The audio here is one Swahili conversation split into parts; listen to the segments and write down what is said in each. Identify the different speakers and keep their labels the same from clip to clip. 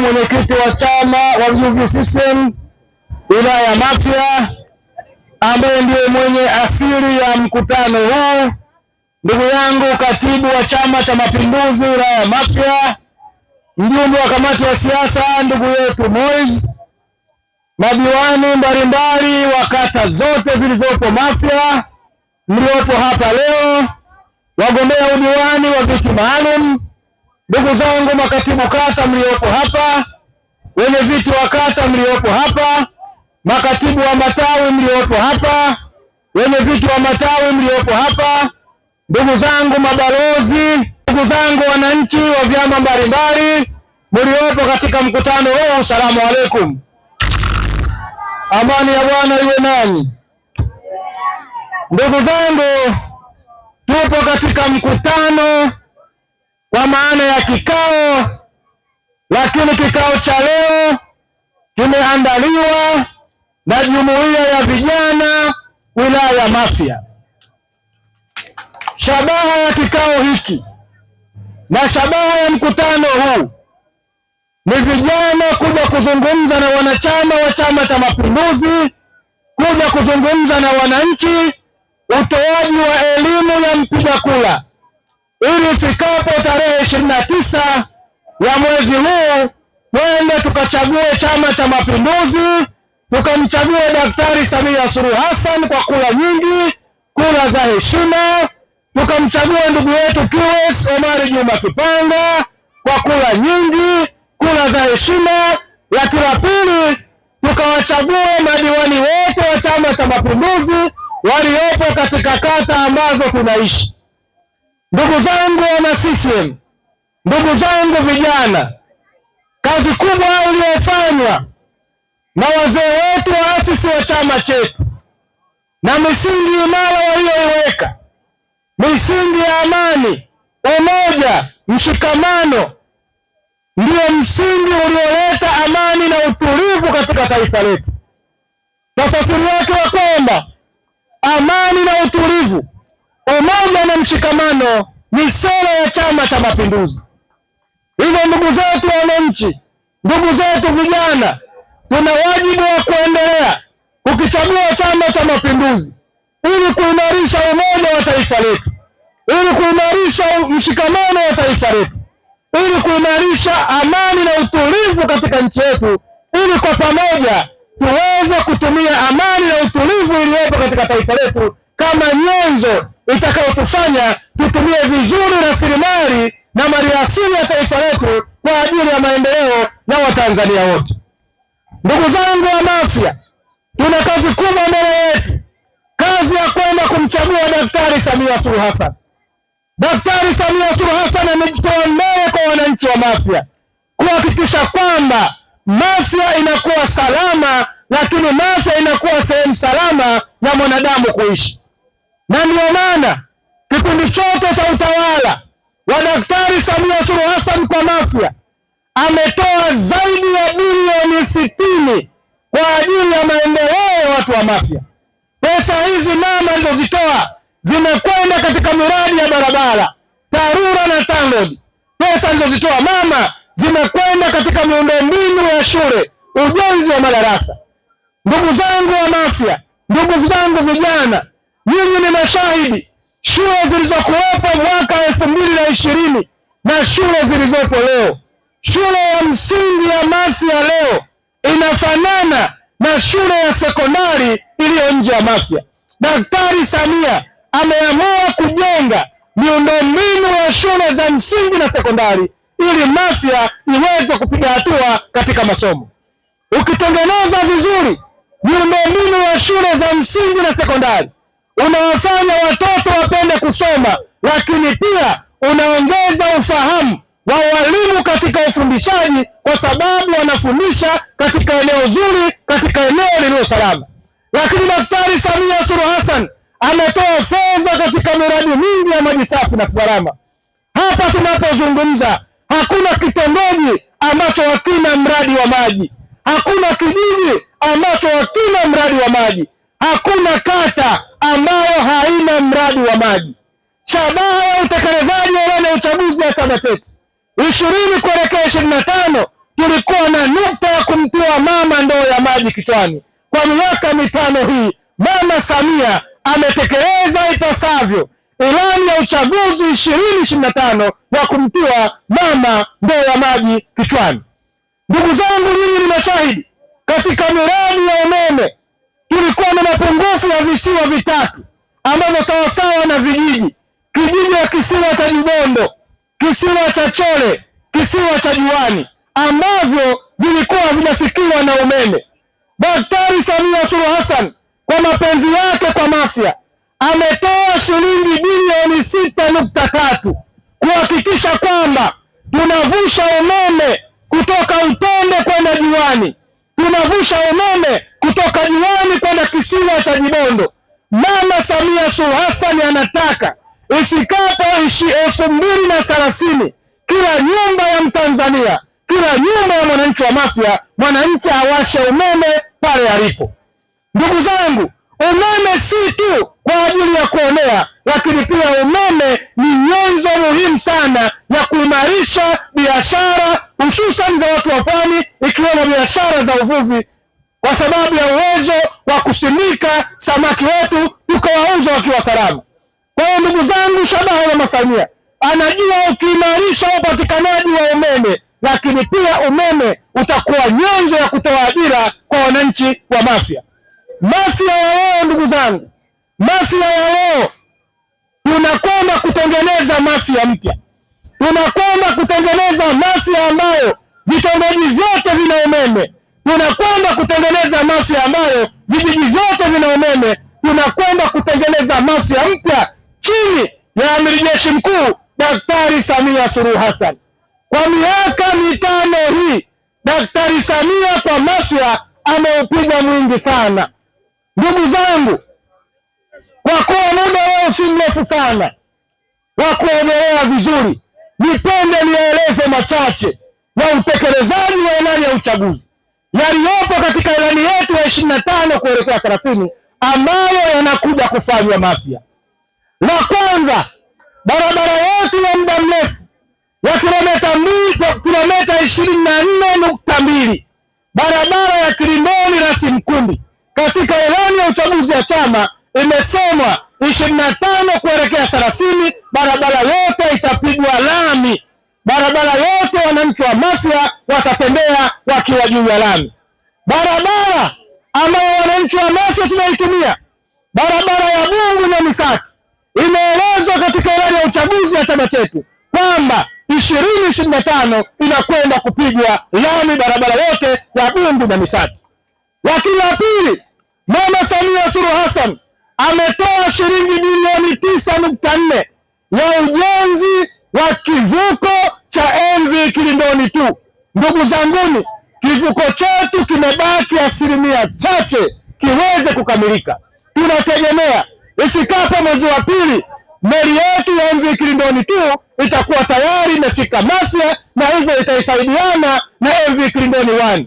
Speaker 1: mwenyekiti wa chama wa Uvuvi wilaya ya Mafia, ambaye ndiye mwenye asili ya mkutano huu, ndugu yangu katibu wa Chama cha Mapinduzi wilaya ya Mafia, mjumbe wa kamati ya siasa ndugu yetu Moise, madiwani mbalimbali wa kata zote zilizopo Mafia mliopo hapa leo, wagombea udiwani wa viti maalum Ndugu zangu makatibu kata mliopo hapa, wenye viti wa kata mliopo hapa, makatibu wa matawi mliopo hapa, wenye viti wa matawi mliopo hapa, ndugu zangu mabalozi, ndugu zangu wananchi wa vyama mbalimbali mliopo katika mkutano huu, salamu alaikum, amani ya Bwana iwe nanyi. Ndugu zangu, tupo katika mkutano kwa maana ya kikao, lakini kikao cha leo kimeandaliwa na jumuiya ya vijana wilaya ya Mafia. Shabaha ya kikao hiki na shabaha ya mkutano huu ni vijana kuja kuzungumza na wanachama wa Chama cha Mapinduzi, kuja kuzungumza na wananchi, utoaji wa elimu ya mpiga kura ili ifikapo tarehe ishirini na tisa ya mwezi huu twende tukachague Chama cha Mapinduzi, tukamchague Daktari Samia Suluhu Hassan kwa kura nyingi, kura za heshima, tukamchague ndugu yetu QS Omari Juma Kipanga kwa kura nyingi, kura za heshima. Lakini la pili, tukawachague madiwani wote wa Chama cha Mapinduzi waliopo katika kata ambazo tunaishi. Ndugu zangu wana CCM, ndugu zangu vijana, kazi kubwa iliyofanywa na wazee wetu waasisi wa chama chetu na misingi imara waliyoiweka misingi ya amani, umoja, mshikamano, ndiyo msingi ulioleta amani na utulivu katika taifa letu. Tafasiri yake ya kwamba amani na utulivu Umoja na mshikamano ni sera ya Chama cha Mapinduzi. Hivyo ndugu zetu wananchi, ndugu zetu vijana, tuna wajibu wa kuendelea kukichagua Chama cha Mapinduzi ili kuimarisha umoja wa taifa letu, ili kuimarisha mshikamano wa taifa letu, ili kuimarisha amani na utulivu katika nchi yetu, ili kwa pamoja tuweze kutumia amani na utulivu iliyopo katika taifa letu kama nyenzo itakayotufanya tutumie vizuri rasilimali na maliasili ya taifa letu kwa ajili ya maendeleo ya Watanzania wote. Ndugu zangu wa Mafia, tuna kazi kubwa mbele yetu, kazi ya kwenda kumchagua Daktari Samia Suluhu Hassan. Daktari Samia Suluhu Hassan amejitoa mbele kwa wananchi wa Mafia kuhakikisha kwamba Mafia inakuwa salama, lakini Mafia inakuwa sehemu salama ya mwanadamu kuishi na ndiyo maana kipindi chote cha utawala wa Daktari Samia Suluhu Hassan kwa Mafia ametoa zaidi ya bilioni sitini kwa ajili ya maendeleo ya watu wa Mafia. Pesa hizi mama alizozitoa zimekwenda katika miradi ya barabara, TARURA na TANROADS. Pesa alizozitoa mama zimekwenda katika miundombinu ya shule, ujenzi wa madarasa. Ndugu zangu wa Mafia, ndugu zangu vijana Nyinyi ni mashahidi, shule zilizokuwepo mwaka elfu mbili na ishirini na shule zilizopo leo. Shule ya msingi ya ya leo inafanana na shule ya sekondari iliyo nje ya Masya. Daktari Samia ameamua kujenga miundombinu ya shule za msingi na sekondari ili Masya iweze kupiga hatua katika masomo. Ukitengeneza vizuri miundombinu ya shule za msingi na sekondari unawafanya watoto wapende kusoma, lakini pia unaongeza ufahamu wa walimu katika ufundishaji, kwa sababu wanafundisha katika eneo zuri, katika eneo lililo salama. Lakini Daktari Samia Suluhu Hassan ametoa fedha katika miradi mingi ya maji safi na salama. Hapa tunapozungumza, hakuna kitongoji ambacho hakina mradi wa maji, hakuna kijiji ambacho hakina mradi wa maji, hakuna kata ambayo haina mradi wa maji. Shabaha ya utekelezaji wa ilani ya uchaguzi ya chama chetu ishirini kuelekea ishirini na tano tulikuwa na nukta ya kumtua mama ndoo ya maji kichwani. Kwa miaka mitano hii Mama Samia ametekeleza ipasavyo ilani ya uchaguzi ishirini ishirini na tano ya kumtua mama ndoo ya maji kichwani. Ndugu zangu, nyinyi ni mashahidi katika miradi ya umeme kulikuwa na mapungufu ya visiwa vitatu ambavyo sawasawa na vijiji, kijiji ya kisiwa cha Jibondo, kisiwa cha Chole, kisiwa cha Juani ambavyo vilikuwa vinafikiwa na umeme. Daktari Samia Suluhu Hassan kwa mapenzi yake kwa Mafia ametoa shilingi bilioni sita nukta tatu kuhakikisha kwamba tunavusha umeme kutoka utende kwenda Juani, tunavusha umeme kutoka Diwani kwenda kisiwa cha Jibondo. Mama Samia Suluhu Hassan anataka ifikapo elfu mbili na thelathini kila nyumba ya Mtanzania, kila nyumba ya mwananchi wa Mafia, mwananchi awashe umeme pale alipo. Ndugu zangu, umeme si tu kwa ajili ya kuonea, lakini pia umeme ni nyenzo muhimu sana ya kuimarisha biashara hususan za watu wa pwani, ikiwemo biashara za uvuvi kwa sababu ya uwezo wa kusimika samaki wetu tukawauza wakiwa salama. Kwa hiyo ndugu zangu, shabaha ya Mama Samia anajua ukiimarisha upatikanaji wa umeme, lakini pia umeme utakuwa nyenzo ya kutoa ajira kwa wananchi wa Mafia. Mafia ya leo, ndugu zangu, Mafia ya leo tunakwenda kutengeneza Mafia mpya, tunakwenda kutengeneza Mafia ambayo vitongoji vyote vina umeme tunakwenda kutengeneza Masya ambayo vijiji vyote vina umeme. Tunakwenda kutengeneza Masya mpya chini ya amiri jeshi mkuu Daktari Samia Suluhu Hassan. Kwa miaka mitano hii Daktari Samia kwa Masya ameupiga mwingi sana, ndugu zangu, kwa kuwa muda wao si mrefu sana wa kuendelea vizuri, nipende nieleze machache ya utekelezaji wa ilani ya uchaguzi yaliyopo katika ilani yetu ya ishirini na tano kuelekea thelathini ambayo yanakuja kufanywa Mafia. La kwanza, barabara yetu ya muda mrefu ya kilometa mbili kilometa ishirini na nne nukta mbili barabara ya Kilimoni Rasimu Kundi katika ilani ya uchaguzi wa chama imesemwa ishirini na tano kuelekea thelathini barabara yote itapigwa lami barabara yote wananchi wa Maswa watatembea wakiwa juu ya lami. Barabara ambayo wananchi wa Maswa tunaitumia barabara ya Bungu na Misati imeelezwa katika ilani ya uchaguzi ya chama chetu kwamba ishirini ishirini na tano inakwenda kupigwa lami barabara yote ya Bungu na Misati. Lakini la pili, Mama Samia Suluhu Hassan ametoa shilingi bilioni tisa nukta nne ya ujenzi wa kivuko Ndugu zanguni, kivuko chetu kimebaki asilimia chache kiweze kukamilika. Tunategemea ifikapo mwezi wa pili meli yetu ya MV Kilindoni tu itakuwa tayari imefika Masya, na hivyo itaisaidiana na MV Kilindoni 1.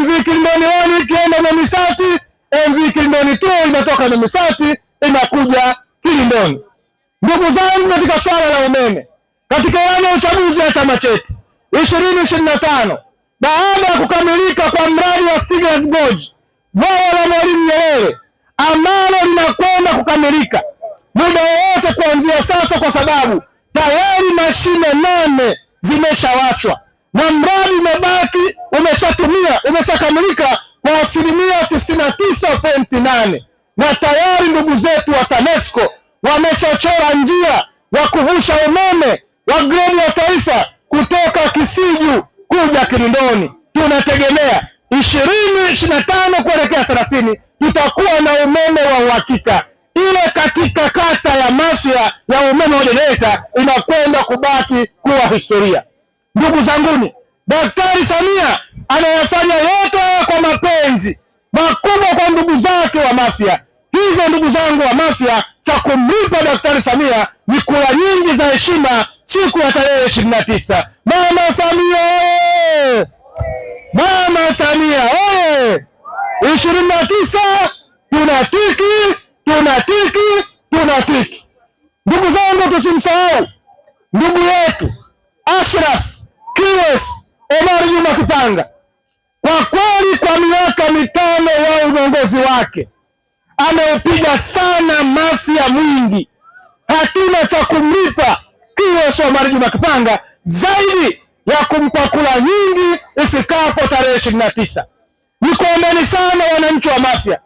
Speaker 1: MV Kilindoni 1 ikienda na Misati, MV Kilindoni tu inatoka na Misati inakuja Kilindoni. Ndugu zangu, katika swala la umeme, katika ilani ya uchaguzi wa chama chetu ishirini ishirini na tano baada ya kukamilika kwa mradi wa Stiegler's Gorge bwawa la Mwalimu Nyerere ambalo linakwenda kukamilika muda wowote kuanzia sasa, kwa sababu tayari mashine nane zimeshawachwa na mradi umebaki umeshatumia umeshakamilika kwa asilimia tisini na tisa pointi nane na tayari ndugu zetu wa TANESCO wameshachora njia ya kuvusha umeme wa gredi ya taifa kutoka Kisiju kuja Kinondoni. Tunategemea ishirini ishirini na tano kuelekea thelathini tutakuwa na umeme wa uhakika, ile katika kata ya Masya ya umeme wa jenereta inakwenda kubaki kuwa historia. Ndugu zanguni, Daktari Samia anayafanya yote kwa mapenzi makubwa kwa ndugu zake wa Masya. Hivyo ndugu zangu wa Masya, cha kumlipa Daktari Samia ni kura nyingi za heshima siku ya tarehe ishirini na tisa. Mama Samia Mama Samia oye! ishirini na tisa tiki tuna tiki Ndugu zangu, tusimsahau ndugu yetu Ashraf Kiwes Omar Juma Kipanga. Kwa kweli, kwa miaka mitano ya uongozi wake ameupiga sana mafia mwingi, hatuna cha kumlipa QS Omar Juma Kipanga zaidi ya kumpa kula nyingi ifikapo tarehe ishirini na tisa. Nikuombeni sana wananchi wa Mafia,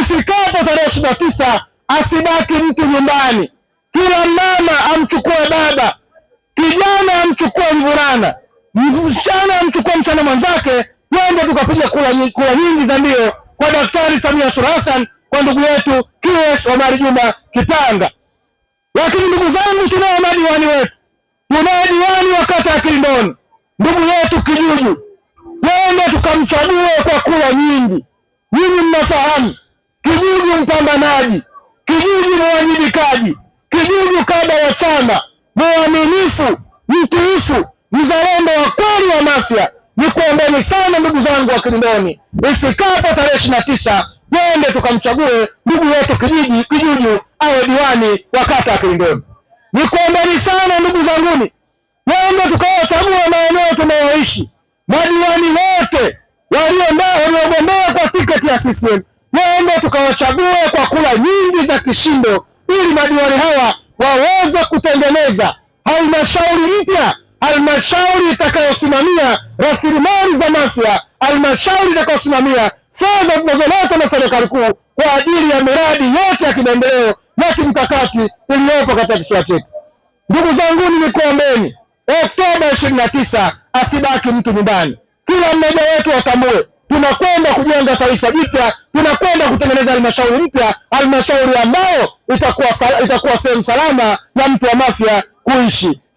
Speaker 1: ifikapo tarehe ishirini na tisa asibaki mtu nyumbani, kila mama amchukue baba, kijana amchukue mvulana, msichana amchukue mchana mwenzake, twende tukapiga kula, kula nyingi za ndio kwa Daktari Samia Suluhu Hassan, kwa ndugu yetu QS Omar Juma Kipanga. Lakini ndugu zangu, tunao madiwani wetu, tunao diwani wa kata ya Kilindoni, ndugu yetu Kijuju, kwenda tukamchagua kwa kura nyingi. Nyinyi mnafahamu Kijuju mpambanaji, Kijuju mwajibikaji, Kijuju kada wa chama, mwaminifu, mtiifu, mzalendo wa kweli wa Mafia. Nikuombeni sana ndugu zangu wa Kilindoni, ifikapo tarehe ishirini na tisa twende tukamchague ndugu yetu Kijuju Kijuju awe diwani wa kata ya Kilindoni. Nikuombeni sana ndugu zanguni, wende tukawachagua maeneo tunayoishi, madiwani wote waliogombea kwa tiketi ya CCM wende tukawachagua kwa kura nyingi za kishindo, ili madiwani hawa waweze kutengeneza halmashauri mpya, halmashauri itakayosimamia rasilimali za Mafia, halmashauri itakayosimamia fedha zinazoletwa na serikali kuu kwa ajili ya miradi yote ya kimaendeleo wakati iliyopo katika kisiwa chetu. Ndugu zanguni, nikuombeni Oktoba ishirini na tisa asibaki mtu nyumbani. Kila mmoja wetu atambue tunakwenda kujenga taifa jipya, tunakwenda kutengeneza halmashauri mpya, halmashauri ambayo itakuwa sehemu salama ya mtu wa Mafia kuishi.